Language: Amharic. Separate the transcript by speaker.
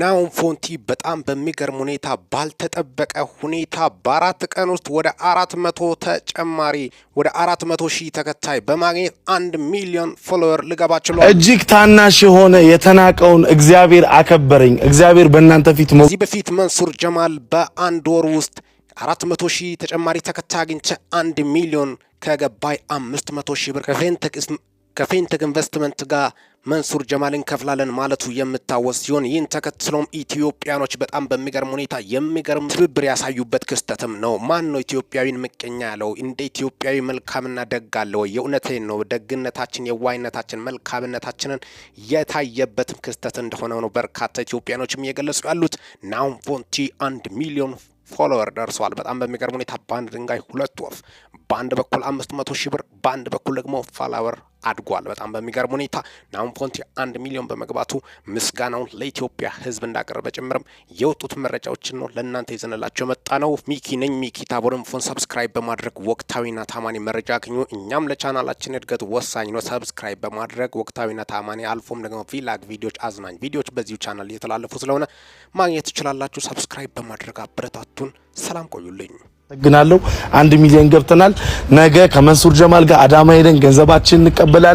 Speaker 1: ናሆም ፎንቲ በጣም በሚገርም ሁኔታ ባልተጠበቀ ሁኔታ በአራት ቀን ውስጥ ወደ አራት መቶ ተጨማሪ ወደ አራት መቶ ሺህ ተከታይ በማግኘት አንድ ሚሊዮን ፎሎወር ልገባ ችሏል።
Speaker 2: እጅግ ታናሽ የሆነ የተናቀውን እግዚአብሔር አከበረኝ። እግዚአብሔር በእናንተ ፊት
Speaker 1: ከዚህ በፊት መንሱር ጀማል በአንድ ወር ውስጥ አራት መቶ ሺህ ተጨማሪ ተከታይ አግኝቼ አንድ ሚሊዮን ከገባይ አምስት መቶ ሺህ ብር ከፌንቴክ ኢንቨስትመንት ጋር መንሱር ጀማል እንከፍላለን ማለቱ የምታወስ ሲሆን ይህን ተከትሎም ኢትዮጵያኖች በጣም በሚገርም ሁኔታ የሚገርም ትብብር ያሳዩበት ክስተትም ነው። ማን ነው ኢትዮጵያዊን ምቀኛ ያለው? እንደ ኢትዮጵያዊ መልካምና ደግ አለ ወይ? የእውነቴን ነው። ደግነታችን፣ የዋይነታችን፣ መልካምነታችንን የታየበት ክስተት እንደሆነ ነው በርካታ ኢትዮጵያኖችም እየገለጹ ያሉት። ናውን ፎንቲ አንድ ሚሊዮን ፎሎወር ደርሷል። በጣም በሚገርም ሁኔታ በአንድ ድንጋይ ሁለት ወፍ በአንድ በኩል አምስት መቶ ሺህ ብር በአንድ በኩል ደግሞ ፋላወር አድጓል። በጣም በሚገርም ሁኔታ ናሆም ፎንቲ አንድ ሚሊዮን በመግባቱ ምስጋናውን ለኢትዮጵያ ሕዝብ እንዳቀረበ ጭምርም የወጡት መረጃዎችን ነው ለእናንተ ይዘንላቸው የመጣ ነው። ሚኪ ነኝ ሚኪ ታቦርን ፎን ሰብስክራይብ በማድረግ ወቅታዊና ታማኒ መረጃ አግኙ። እኛም ለቻናላችን እድገት ወሳኝ ነው። ሰብስክራይብ በማድረግ ወቅታዊና ታማኒ አልፎም ደግሞ ቪላግ ቪዲዮች፣ አዝናኝ ቪዲዮች በዚሁ ቻናል እየተላለፉ ስለሆነ ማግኘት ትችላላችሁ። ሰብስክራይብ በማድረግ አበረታቱን። ሰላም ቆዩልኝ።
Speaker 2: አመሰግናለሁ። አንድ ሚሊዮን ገብተናል። ነገ ከመንሱር ጀማል ጋር አዳማ ሄደን ገንዘባችን እንቀበላለን።